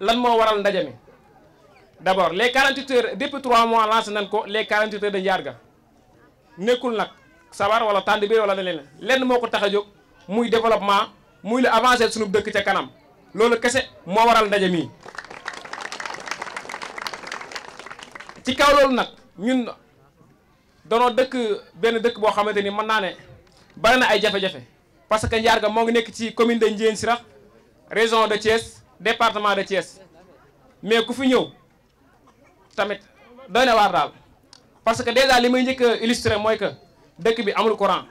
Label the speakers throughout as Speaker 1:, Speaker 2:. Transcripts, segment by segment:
Speaker 1: lan moo waral ndaje mi d' abord les 48 heures depuis mois lancé nañ ko les 48 heures de Ndiarga nekkul nag sabar wala tànd biir wala leneen lenn moo ko tax a jóg muy développement muy la avancé sunu dëkk ca kanam loolu kese moo waral ndaje mi. ci kaw loolu nag ñun danoo dëkk benn dëkk boo xamante ni mën naa ne bari na ay jafe-jafe parce que Ndiarga moo ngi nekk ci commune de si Sirakh région de Thiès. département de Thiès mais ku fi ñëw tamit doy na waar daal parce que déjà li may njëkk a mooy que dëkk bi amul courant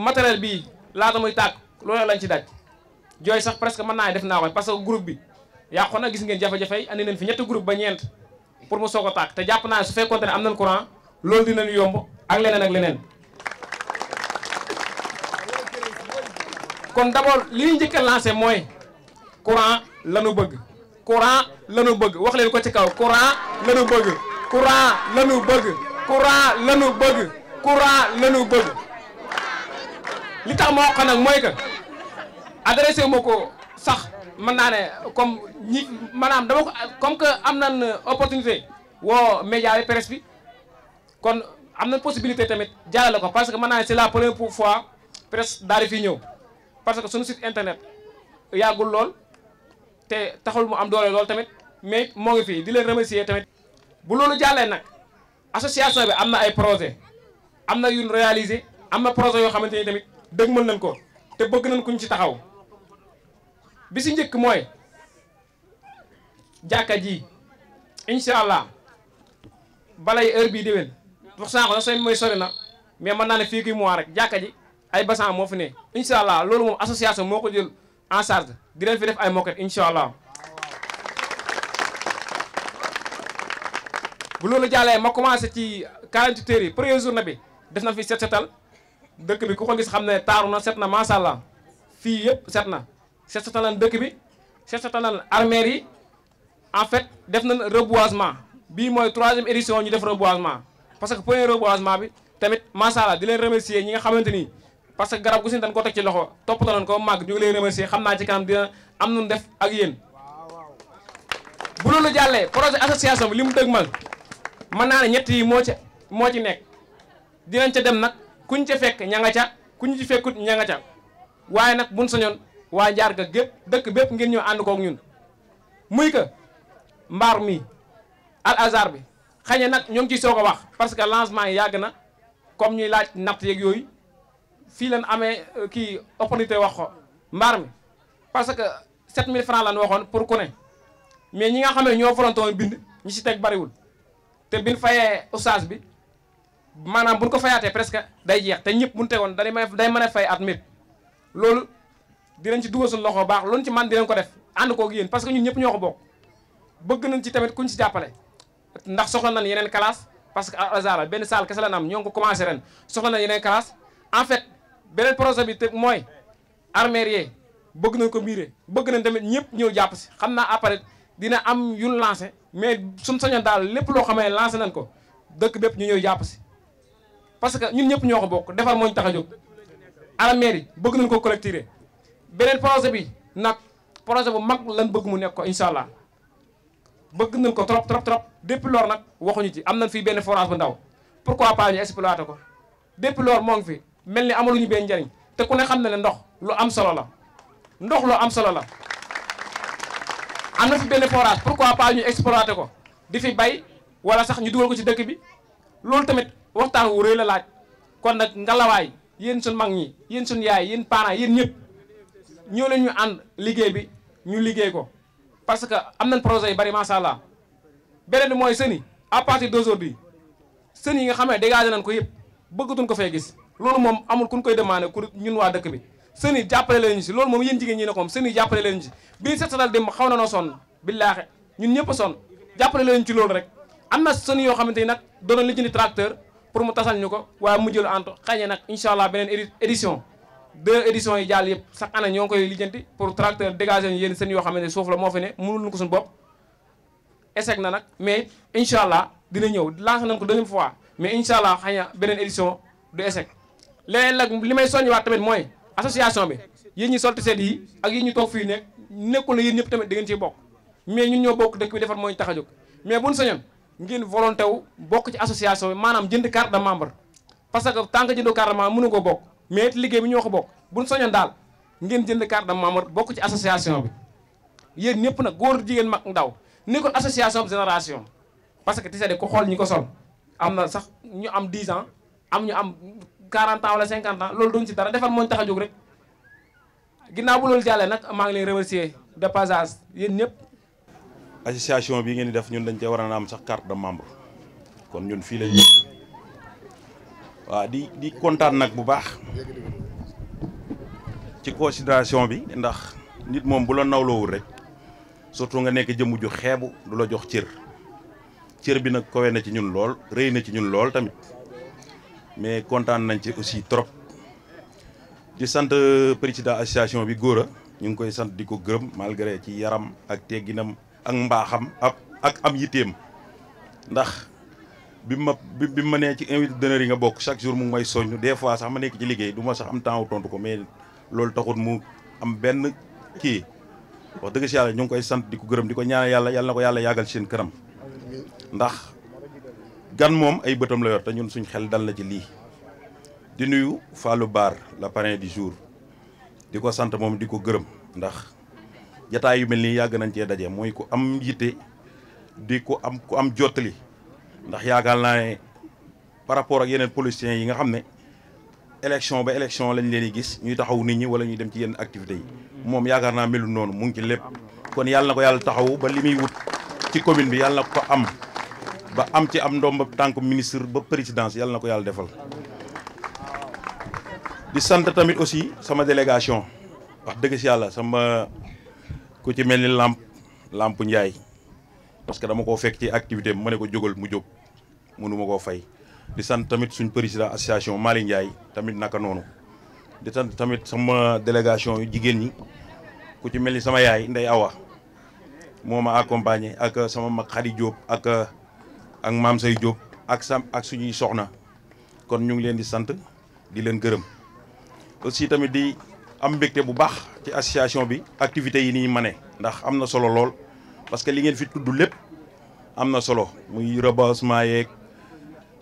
Speaker 1: matériel bi laata muy tàkk loolu lañ ci daj jooy sax presque mën naa def naa ko parce que groupe bi yàqoon na gis ngeen jafe-jafe yi andi nañ fi ñetti groupe ba ñeent pour mu soog a tàkk te jàpp naa ne su fekkoon ne am nañ courant loolu na dinañ yomb ak leneen ak leneen. kon d'abord li ñu njëkk lancé mooy. courant lanu bëgg courant lanu bëgg wax leen ko ci kaw courant lanu bëgg courant lanu bëgg courant lanu bëgg courant lanu bëgg li tax ma wax nag mooy que adressé wu ma ko sax mën naa ne comme ñi maanaam dama ko comme que am na opportunité woo média bi presse bi kon am na possibilité tamit jaarale ko parce que mën naa ne c'est la première fois presse daa di fi ñëw parce que suñu site internet yàggul lool. te taxul mu am doole loolu tamit mais moo ngi fii di leen remercier tamit bu loolu jàllee nag association bi am na ay projet am na yuñ réalisé am na projet yoo xamante ni tamit dëgg mën nañ ko te bëgg nañ kuñ ci taxaw bi si njëkk mooy jàkka ji incha allah balay heure bii déwén wax saako na sooy mooy sori na mais mën naa ne fii kii mois rek jàkka ji ay basan moo fi ne incha allah loolu moom association moo ko jël en charge di leen fi def ay moquette incha allah bu loolu jàllee ma commencé ci 48 heures yi première journée bi def na fi set setal dëkk bi ku ko gis xam ne taaru na set na macha allah fii yëpp set na set setal nañ dëkk bi set setal nañ armères yi en fait def na reboisement bii mooy troisième édition ñu def reboisement parce que premier reboisement bi tamit macha allah di leen remercier ñi nga xamante ni. parce que garab gu si dañ ko teg ci loxo toppatoo nañ ko màgg ñu ngi lay remercier xam naa ci kanam dina am nu def ak yéen. bu loolu jàllee projet association bi li mu dëgmal mën naa ne ñett yi moo ci moo ci nekk dinañ ca dem nag kuñ ca fekk ña nga ca kuñ ci fekkut ñanga nga ca waaye nag buñ sañoon waa njaar ga gépp dëkk bépp ngir ñëw ànd kook ñun. muy que mbaar mi al azar bi xëy na nag ñoo ngi ciy soog a wax parce que langement yi yàgg na comme ñuy laaj natt yeeg yooyu. fii leen amee euh, kii opportunité wax ko mbaar mi parce que 7000 francs lan waxoon pour ku ne mais ñi nga xam ne ñoo forontoon bind ñi si teg bariwul te biñ fayee oustaz bi maanaam buñ ko fayaatee presque day jeex te ñëpp buñ tegoon day mën a fay at mépp loolu dinañ ci dugal suñu loxo baax loolu ci man dinañ ko def ànd koog yéen parce que ñu ñëpp ñoo ko bokk bëgg nañ ci tamit kuñ si jàppale ndax soxla nañ yeneen classe parce que al azhar benn salle kese la am ñoo ko commencé ren soxla nañ en fait beneen projet bi te mooy armerier bëgg nañ ko miiree bëgg nañ tamit ñëpp ñëw jàpp si xam naa après dina am yun lancé mais suñ sañoon daal lépp loo xamee lancé nañ ko dëkk bépp ñu ñëw jàpp si parce que ñun ñëpp ñoo ko bokk defar moo ñu tax a jóg armeer yi bëgg nañ ko collecter beneen projet bi nag projet bu mag lan bëgg mu nekk ko incha allah bëgg nañ ko trop trop trop dépp loor nag waxuñu ci am nañ fii benn forage bu ndaw pourquoi pas ñu exploité ko depuis lors moo ngi fi mel ni amaluñu benn njariñ te ku ne xam na ne ndox lu am solo la ndox lu am solo la am na fi benn forage pourquoi pas ñu exploiter ko di fi bay wala sax ñu dugal ko ci dëkk bi loolu tamit waxtaan wu rëy la laaj kon nag ngalawaay yéen suñ mag ñi yéen suñ yaay yéen parents yéen ñëpp ñoo leen ñu ànd liggéey bi ñu liggéey ko parce que am nañ projet yu bari macha allah beneen bi mooy sëni à partir d'aujourd'hui sën yi nga xam ne dégagé nañ ko yëpp bëggatuñ ko fay gis loolu moom amul kun koy demandé ku ñun waa dëkk bi sën yi jàppale ñu si loolu moom yéen jigéen ñi ne koom sën yi jàppale leen ñu si bii set setal démb xaw na noo sonn billaaxe ñun ñëpp a sonn jàppale leen ci loolu rek am na sën yoo xamante ni nag doon li jëndi tracteur pour mu tasal ñu ko waaye mu jël anto xëy na nag incha allah beneen édition deux éditions yi jàll yëpp sax ana ñoo ngi koy lijjanti pour tracteur dégagé ñu yéen seen yoo ne suuf la moo fi ne ko suñu bopp na nag mais incha allah dina ñëw lancé nañ ko deuxième fois mais incha allah xëy na beneen édition leneen nag li may waa tamit mooy association bi yéen ñi sol seet yi ak yéen ñu toog fii nekk nekkul ne yéen ñëpp tamit da ngeen ci bokk mais ñun ñoo bokk dëkk bi defar mooy tax a jóg mais buñ sañoon ngeen volonté wu bokk ci association maanaam jënd carte de membre parce que tant que jëndoo carte de membre mënu ko bokk mais it liggéey bi ñoo ko bokk soñoon daal ngeen jënd carte de membre bokk ci association bi yéen ñëpp nag góor jigéen mag ndaw nekkul association génération parce que ti seet ko xool ñi ko sol am na sax ñu am 10 ans am ñu am 40 ans wala 50 loolu duñ ci dara defar moo ñu tax a jóg rek ginnaaw bu loolu jàllee nag maa ngi leen remercier de passage yéen ñëpp.
Speaker 2: association bi ngeen di def ñun dañ cee war am sax carte de membre kon ñun fii lañ waaw di di kontaan nag bu baax ci considération bi ndax nit moom bu la nawloowul rek surtout nga nekk jëmm ju xeebu du la jox cër cër bi nag kowe na ci ñun lool rëy na ci ñun lool tamit. mais kontaan nañ ci aussi trop di sant président association bi góor a ñu ngi koy sant di ko gërëm malgré ci yaram ak tegginam ak mbaaxam ak am yitteem ndax bi ma bi ma nee ci invité d'honneur yi nga bokk chaque jour mu ngi may soññ des fois sax ma nekk ci liggéey du ma sax am temps tontu ko mais loolu taxut mu am benn kii wax dëgg si yàlla ñu ngi koy sant di ko gërëm di ko ñaar yàlla yàlla na ko yàlla yàggal seen kënam ndax. gan moom ay bëtam la yor te ñun suñ xel dal na ci lii di nuyu Fallou baar la parrain di jour di ko sant moom di ko gërëm ndax jataay yu mel nii yàgg nañ cee daje mooy ku am yitte di ku am ku am jottali ndax yaakaar naa ne par rapport ak yeneen politiciens yi nga xam ne élection ba élection lañ leen yi gis ñuy taxaw nit ñi wala ñuy dem ci yenn activités yi moom yaakaar naa melu noonu mu ngi ci lépp kon yàlla ko yàlla taxaw ba li muy wut ci commune yàlla na am ba am ci am ndomb tànk ministre ba présidence yàlla na ko yàlla defal di sant tamit aussi sama délégation wax dëgg si yàlla sama ku ci mel ni làmp làmp njaay parce que dama koo fekk ci activité ma ne ko jógal mu jóg mënuma koo fay di sant tamit suñ président association Mali Ndiaye tamit naka noonu di sant tamit sama délégation yu jigéen ñi ku ci mel ni sama yaay Ndey Awa moo ma accompagné ak sama mag Xadi jóob ak ak maam say jóob ak sam ak suñuy soxna kon ñu ngi leen di sant di leen gërëm aussi tamit di am mbégte bu baax ci association bi activité yi ni mane ndax am na solo lool parce que li ngeen fi tudd lépp am na solo muy reboisement yeeg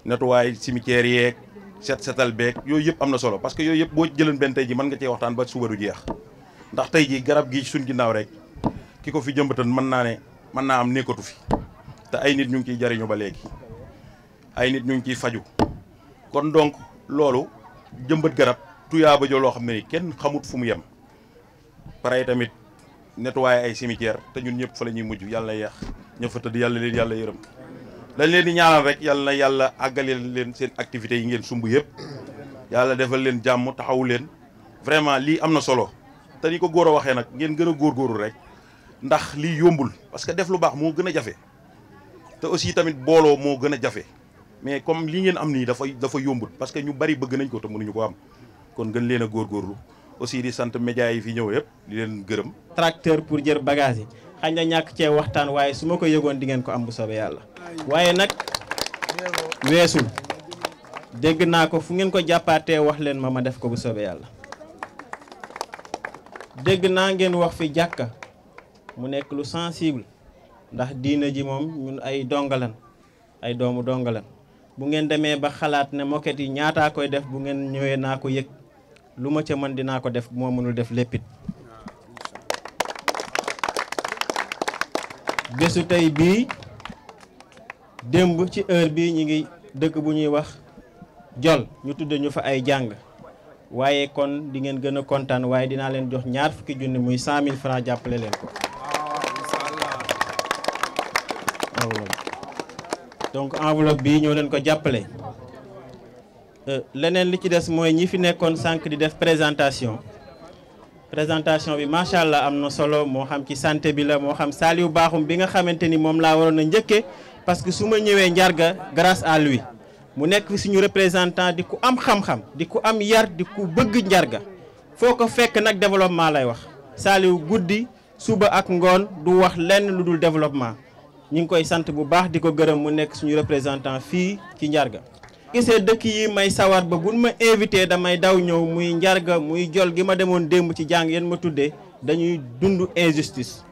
Speaker 2: nettoyage cimetière yeeg set setal beeg yooyu yëpp am na solo parce que yooyu yëpp boo jëlan benn tey ji mën nga cee waxtaan ba suba du jeex ndax tey ji garab gi suñ ginnaaw rek ki ko fi jëmbatan mën naa ne mën naa am nekkatu fi te ay nit ñu ngi ciy jariñu ba léegi ay nit ñu ngi ciy faju kon donc loolu jëmbat garab tuyaaba jo loo xam ne ni kenn xamut fu mu yem pare tamit nettoyer ay cimetière te ñun ñëpp fa la ñuy mujj yàlla na yeex ña fa yàlla leen yàlla yërëm dañ leen di ñaanal rek yàlla yàlla àggale leen seen activités yi ngeen sumb yëpp yàlla defal leen jàmm taxawu leen vraiment lii am na solo te ni ko góor a waxee nag ngeen gën a góorul rek ndax lii yombul parce que def lu baax moo gën a jafe te aussi tamit booloo moo gën a jafe mais comme li ngeen am nii dafay dafa yombut parce que ñu bari bëgg nañ ko te mënuñu ko am kon gën leen a góorlu aussi di sant médias yi fi ñëw yëpp di leen gërëm.
Speaker 3: tracteur pour jër bagage yi xañ na ñàkk cee waxtaan waaye su ma ko yegoon di ngeen ko am bu soobee yàlla waaye nag weesul dégg naa ko fu ngeen ko jàppaatee wax leen ma ma def ko bu soobee yàlla. dégg naa ngeen wax fi jàkka mu nekk lu sensible. ndax diina ji moom ñun ay dongalan ay doomu dongalan bu ngeen demee ba xalaat ne mokket yi ñaataa koy def bu ngeen ñëwee naa ko yég lu ma ca mën dinaa ko def moo mënul def léppit bésu tey bii démb ci ër bii ñu ngi dëkk bu ñuy wax jol ñu tudde ñu fa ay jàng waaye kon di ngeen gën a kontaan waaye dinaa leen jox ñaar fukki junni muy 100000 francs jàppale leen ko enveloppe donc enveloppe bi ñoo leen ko jàppale euh, leneen li ci des mooy ñi fi nekkoon sànq di def présentation présentation bi macha allah am na solo moo xam ci santé bi la moo xam Saliou Bakhoum bi nga xamante ni moom laa waroon a njëkke parce que su ma ñëwee njarga grâce à lui mu nekk fi suñu représentant di ku am xam-xam di ku am yar di ku bëgg njarga foo ko fekk nag développement lay wax Saliou guddi suba ak ngoon du wax lenn lu dul développement ñu ngi koy sant bu baax di ko gërëm mu nekk suñu représentant fii ci Ndiarga. gisee dëkk yi may sawar ba buñ ma invité damay daw ñëw muy njarga muy jol gi ma demoon démb ci jàng yéen ma tuddee dañuy dund injustice.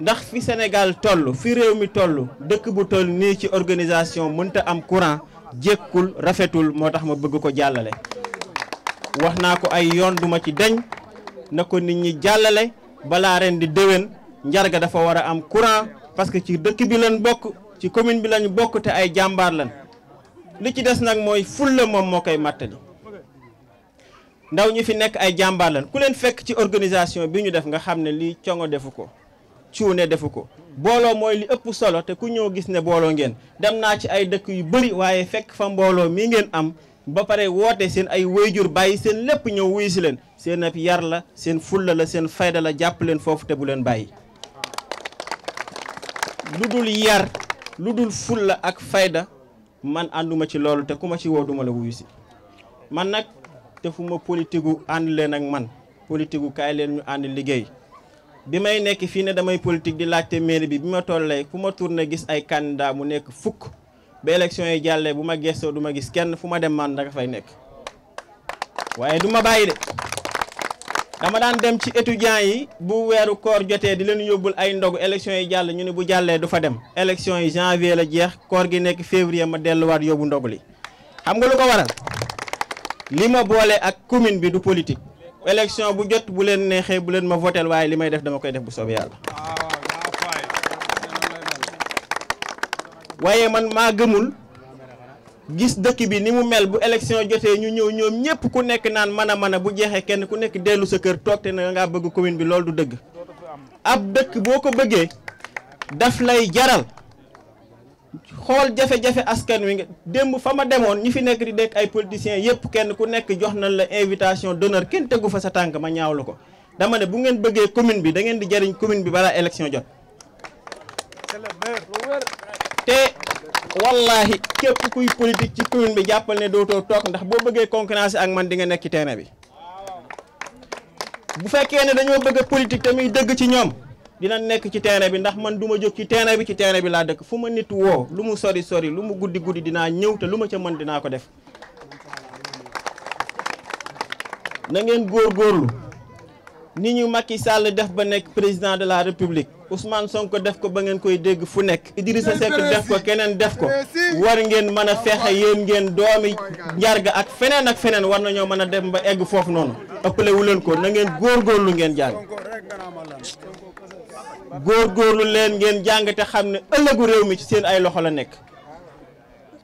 Speaker 3: ndax fi Sénégal toll fi réew mi toll dëkk bu toll nii ci organisation mënta am courant jékkul rafetul moo tax ma bëgg ko jàllale. wax naa ko ay yoon duma ci deñ na ko nit ñi jàllale balaa ren di déwén njarga dafa war a am courant. parce que ci dëkk bi lañ bokk ci commune bi lañu bokk te ay jàmbaar lañ li ci des nag mooy fulla moom moo koy màttali ndaw ñi fi nekk ay jàmbaar ku leen fekk ci organisation bi ñu def nga xam ne lii congo defu ko cuune defu ko booloo mooy li ëpp solo te ku ñëw gis ne booloo ngeen dem naa ci ay dëkk yu bëri waaye fekk fa mbooloo mi ngeen am ba pare woote seen ay wayjur bàyyi seen lépp ñëw wuyu si leen seen ab yar la seen fulla la seen fayda la jàpp leen foofu te leen bàyyi lu dul yar lu dul fulla ak fayda man ànduma ci loolu te ku ma ci woo duma la wuyu man nag defuma politique gu ànd leen ak man politigukaay leen ñu ànd liggéey bi may nekk fii ne damay politique di laajte mairie bi bi ma tollee ku ma tourné gis ay candidat mu nekk fukk ba élection yi jàllee bu ma gestoo du ma gis kenn fu ma dem man da fay nekk waaye du bàyyi de dama daan dem ci étudiants yi bu weeru koor jotee di leen yóbbul ay ndogu élection yi jàll ñu ne bu jàllee du fa dem élection yi janvier la jeex koor gi nekk février ma delluwaat yóbbu ndogu li xam nga lu ko waral li ma boole ak commune bi du politique élection bu jot bu leen neexee bu leen ma votel waaye li may def dama koy def bu soobee yàlla ah, waaye man maa gëmul gis dëkk bi ni mu mel bu élection jotee ñu ñëw ñoom ñëpp ku nekk naan mën a mën a bu jeexee kenn ku nekk dellu sa kër toog te na nga bëgg commune bi loolu du dëgg ab dëkk boo ko bëggee daf lay jaral xool jafe-jafe askan wi nga démb fa ma demoon ñi fi nekk di dekk ay politiciens yëpp kenn ku nekk jox na la invitation d'honneur kenn tegu fa sa tànk ma ñaawlu ko dama ne bu ngeen bëggee commune bi da di jariñ commune bi balaa élection jot wallahi képp kuy politique ci commune bi jàppal ne dootoo toog ndax boo bëggee concurrence ak man di nga nekk ci terrain bi bu fekkee ne dañoo bëgg politique tamit dëgg ci ñoom dina nekk ci terrain bi ndax man duma ma jóg ci terrain bi ci terrain bi laa dëkk fu ma nit woo lu mu sori sori lu mu guddi guddi dinaa ñëw te lu ma ca mën dinaa ko def na ngeen góorgóorlu ni ñu mag yi Sall def ba nekk président de la république Ousmane Sonko def ko ba ngeen koy dégg fu nekk Idrissa Seck def ko keneen def ko war ngeen mën a fexe yéen ngeen doomi njarga ak feneen ak feneen war nañoo mën a dem ba egg foofu noonu ëppalewu leen ko na ngeen góorgóorlu ngeen jàng góorgóorlu leen ngeen jàng te xam ne ëllëgu réew mi ci seen ay loxo la nekk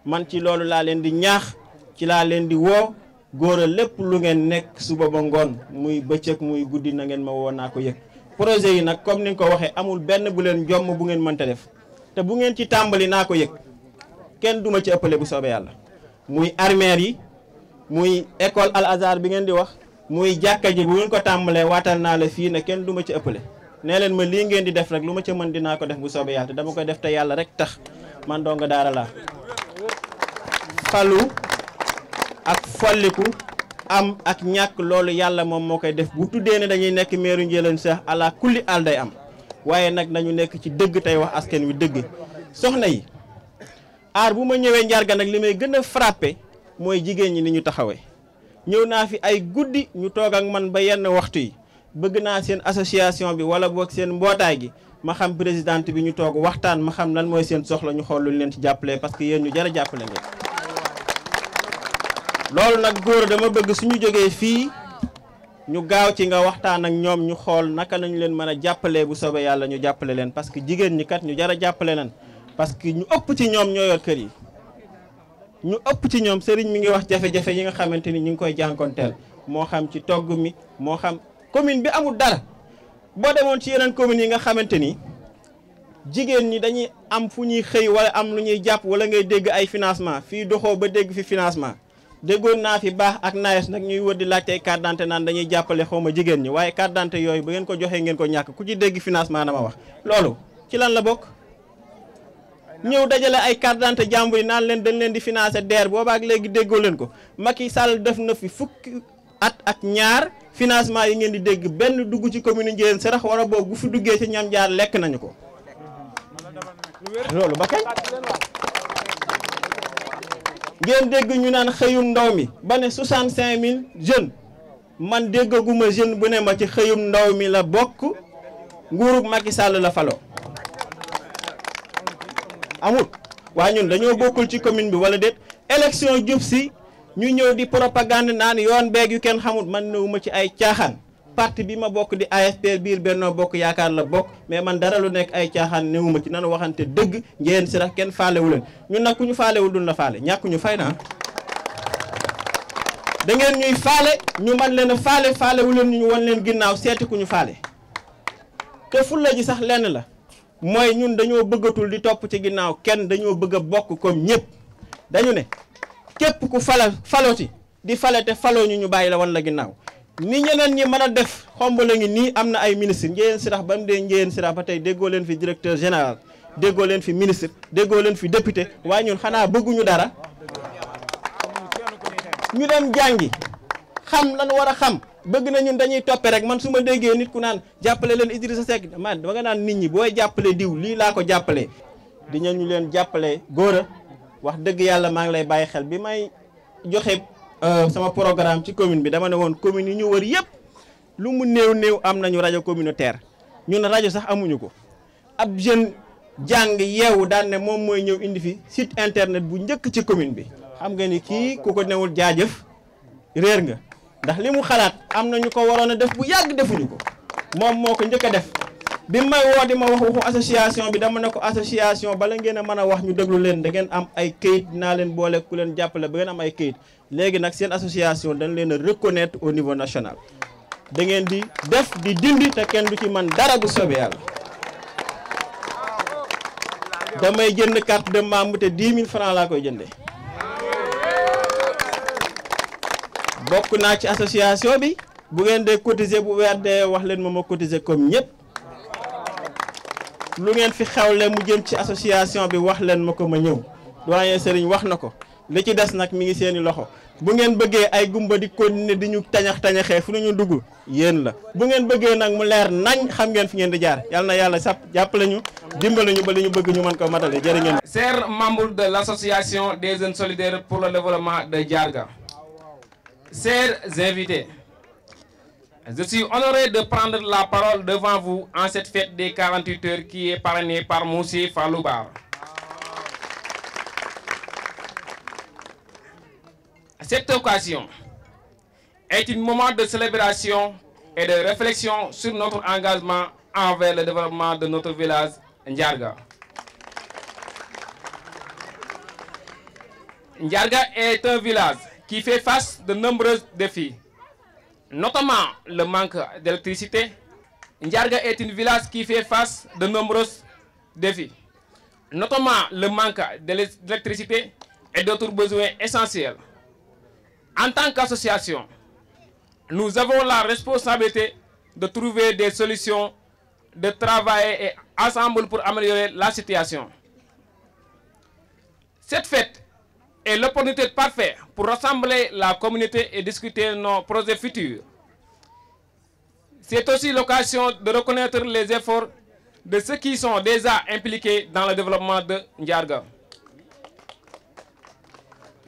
Speaker 3: man ci loolu laa leen di ñaax ci laa leen di woo góor a lépp lu ngeen nekk suba ba ngoon muy bëccëg muy guddi na ngeen ma woon naa ko yëg projet yi nag comme ni nga ko waxee amul benn bu leen jomm bu ngeen mënta def te bu ngeen ci tàmbali naa ko yëg kenn duma ci ëppale bu soobee yàlla muy armeer yi muy école al azhar bi ngeen di wax muy jàkka ji bu ngeen ko tàmbalee waatal naa la fii ne kenn duma ci ëppale nee leen ma lii ngeen di def rek lu ma ca mën dinaa ko def bu soobee yàlla te dama koy def te yàlla rek tax man dong daara folliku am ak ñàkk loolu yàlla moom moo koy def bu tuddee ne dañuy nekk meeru njëleen seex ala kulli al day am waaye nag nañu nekk ci dëgg tey wax asken wi dëgg soxna yi aar bu ma ñëwee njarga nag li may gën a frappé mooy jigéen ñi ni ñu taxawee ñëw naa fi ay guddi ñu toog ak man ba yenn waxtu yi bëgg naa seen association bi wala boog seen mbootaay gi ma xam présidente bi ñu toog waxtaan ma xam lan mooy seen soxla ñu xool luñ leen ci jàppale parce que yéen ñu jara jàppale ngeen loolu nag góor dama bëgg su ñu jógee fii ñu gaaw ci nga waxtaan ak ñoom ñu xool naka lañu leen mën a jàppale bu soobee yàlla ñu jàppale leen parce que jigéen ñi kat ñu jar jàppale leen parce que ñu ëpp ci ñoom ñoo yor kër yi ñu ëpp ci ñoom sëriñ mi ngi wax jafe-jafe yi nga xamante ni ñu ngi koy jànkonteel moo xam ci togg mi moo xam commune bi amul dara boo demoon ci yeneen communes yi nga xamante ni jigéen ñi dañuy am fu ñuy xëy wala am lu ñuy jàpp wala ngay dégg ay financement fii doxoo ba dégg fi financement déggoon naa fi baax ak naes nag ñuy wër di laajtey carte d'identité naan dañuy jàppale xaw ma jigéen ñi waaye carte d'identité yooyu bu ngeen ko joxee ngeen ko ñàkk ku ci dégg financement dama wax loolu ci lan la bokk ñëw dajale ay carte d'identité jàmbur yi naan leen dañ leen di financer DER ak léegi déggoo leen ko Macky Sall def na fi fukk at ak ñaar financement yi ngeen di dégg benn dugg ci commune Ndiéyène Sarax war a boobu bu fi duggee ci ñam jaar lekk nañu ko ngeen dégg ñu naan xëyum ndaw mi ba ne 65000 jeunes man déggaguma jeune bu ne ma ci xëyum ndaw mi la bokk nguurug Macky Sall la falo amul waa ñun dañoo bokkul ci commune bi wala déet élection jub si ñu ñëw di propagande naan yoon beeg yu kenn xamul man newuma ci ay caaxaan parti bi ma bokk di AFP biir Benno Bokk Yaakaar la bokk mais man dara lu nekk ay caaxaan newuma ci nanu waxante dëgg njëriñ si rax kenn faalewu leen ñun nag ku ñu faalewul duñ la faale ñàkk ñu fay naa da faale ñu man leen a faale faalewu leen ñu leen ginnaaw seeti ñu faale te fulla ji sax lenn la mooy ñun dañoo bëggatul di topp ci ginnaaw kenn dañoo bëgg a bokk comme ñëpp dañu ne képp ku fala faloti di fale te faloo ñu ñu bàyyi la wan la ginnaaw ni ñeneen ñi mën a def xomb la nii am na ay ministre njëyeen sirax ba mu dee njëyeen sirax ba tey déggoo leen fi directeur général déggoo leen fi ministre déggoo leen fi député waaye ñun xanaa bëgguñu dara ñu leen jàngi xam lañu war a xam bëgg na ñun dañuy toppe rek man su ma déggee nit ku naan jàppale leen Idrissa Seck man dama nga naan nit ñi booy jàppale diw lii laa ko jàppale dinañu leen jàppale góor wax dëgg yàlla maa ngi lay bàyyi xel bi may joxe Euh, sama programme ci commune bi dama ne woon commune yi ñu wër yëpp lu mu néew néew am nañu rajo communautaire ñu ne rajo sax amuñu ko ab jeune jàng yeewu daan ne moom mooy ñëw indi fi site internet bu njëkk ci commune bi xam nga ni kii ku ko newul jaajëf réer nga ndax li mu xalaat am na ñu ko waroon a def bu yàgg defuñu ko moom moo ko njëkk a def bi may woo di ma wax waxu association bi dama ne ko association bala ngeen a mën a wax ñu déglu leen da ngeen am ay kayit dinaa leen boole ku leen jàppale ba ngeen am ay kayit léegi nag seen association dañ leen a reconnaître au niveau national da di def di dindi te kenn du ci man dara bu soobee yàlla damay jënd carte de membre te 10 000 francs laa koy jëndee bokk naa ci association bi bu ngeen dee cotiser bu weer dee wax leen moom ma cotisé comme ñëpp. lu ngeen fi xewle mu jëm ci association bi wax leen ma ko ma ñëw doyen Serigne wax na ko li ci des nag mi ngi seeni loxo bu ngeen bëggee ay gumba di continuer di ñu tañax tañaxee fu ñu dugg yéen la bu ngeen bëggee nag mu leer nañ xam ngeen fi ngeen di jaar yal na yàlla sap jàppale ñu dimbale ñu ba li ñu bëgg ñu mën ko matale jërë ngeen.
Speaker 1: chers membres de l' association des jeunes solidaires pour la développement de Diarga. chers Je suis honoré de prendre la parole devant vous en cette fête des 48 heures qui est parrainée par Moussé Faloubar. Cette occasion est un moment de célébration et de réflexion sur notre engagement envers le développement de notre village Ndiarga. Ndiarga est un village qui fait face de nombreux défis notamment le manque d'électricité, Ndiarga est une village qui fait face de nombreux défis, notamment le manque d'électricité et d'autres besoins essentiels. En tant qu'association, nous avons la responsabilité de trouver des solutions, de travailler ensemble pour améliorer la situation. Cette faite est l'opportunité parfaite pour rassembler la communauté et discuter nos projets futurs. C'est aussi l'occasion de reconnaître les efforts de ceux qui sont déjà impliqués dans le développement de Ndiarga.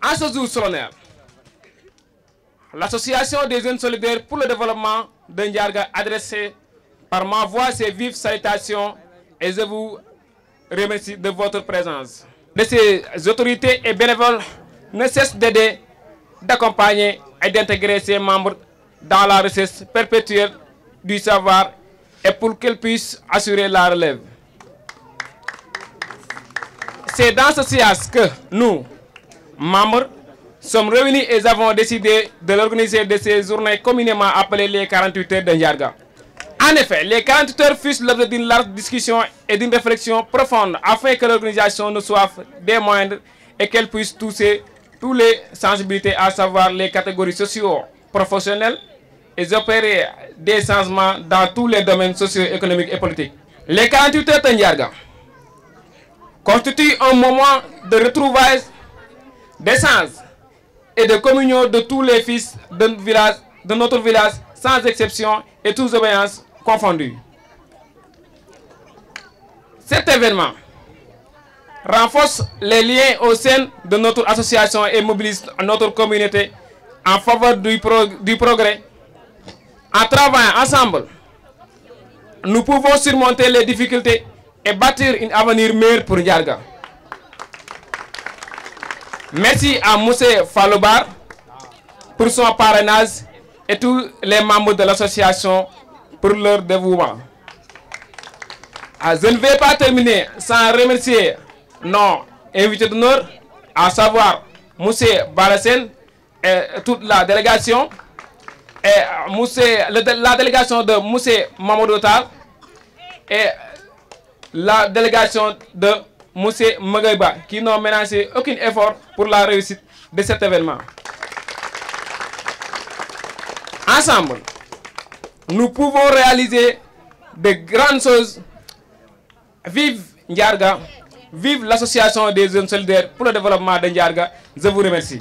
Speaker 1: En ce jour solennel, l'association des jeunes solidaires pour le développement de Ndiarga adressée par ma voix ses vives salutations et je vous remercie de votre présence. de ces autorités et bénévoles ne cessent d'aider, d'accompagner et d'intégrer ses membres dans la recherche perpétuelle du savoir et pour qu'ils puissent assurer la relève. C'est dans ce sens que nous, membres, sommes réunis et avons décidé de l'organiser de ces journées communément appelées les 48 heures de Ndiarga. En effet, les 48 heures fussent l'objet d'une large discussion et d'une réflexion profonde afin que l'organisation ne soit des moindres et qu'elle puisse toucher les sensibilités, à savoir les catégories sociaux, professionnelles et opérer des changements dans tous les domaines sociaux, économiques et politiques. Les 48 heures Tendiarga constituent un moment de retrouvailles, de communion de tous les fils de notre village, de village sans exception et tous obéissance confondus. Cet événement renforce les liens au sein de notre association et mobilise notre communauté en faveur du, prog du progrès. En travaillant ensemble, nous pouvons surmonter les difficultés et bâtir une avenir meilleur pour Ndiarga. Merci à Moussé Falobar pour son parrainage et tous les membres de l'association pour leur dévouement. Ah, je ne vais pas terminer sans remercier nos invités d'honneur, à savoir M. Balassène et toute la délégation, et Monsieur, la délégation de M. Mamadou Tal et la délégation de M. Magaiba, qui n'ont ménagé aucun effort pour la réussite de cet événement. Ensemble, nous pouvons réaliser de grandes choses. Vive Ndiarga, vive l'association des jeunes solidaires pour le développement de Ndiarga. Je vous remercie.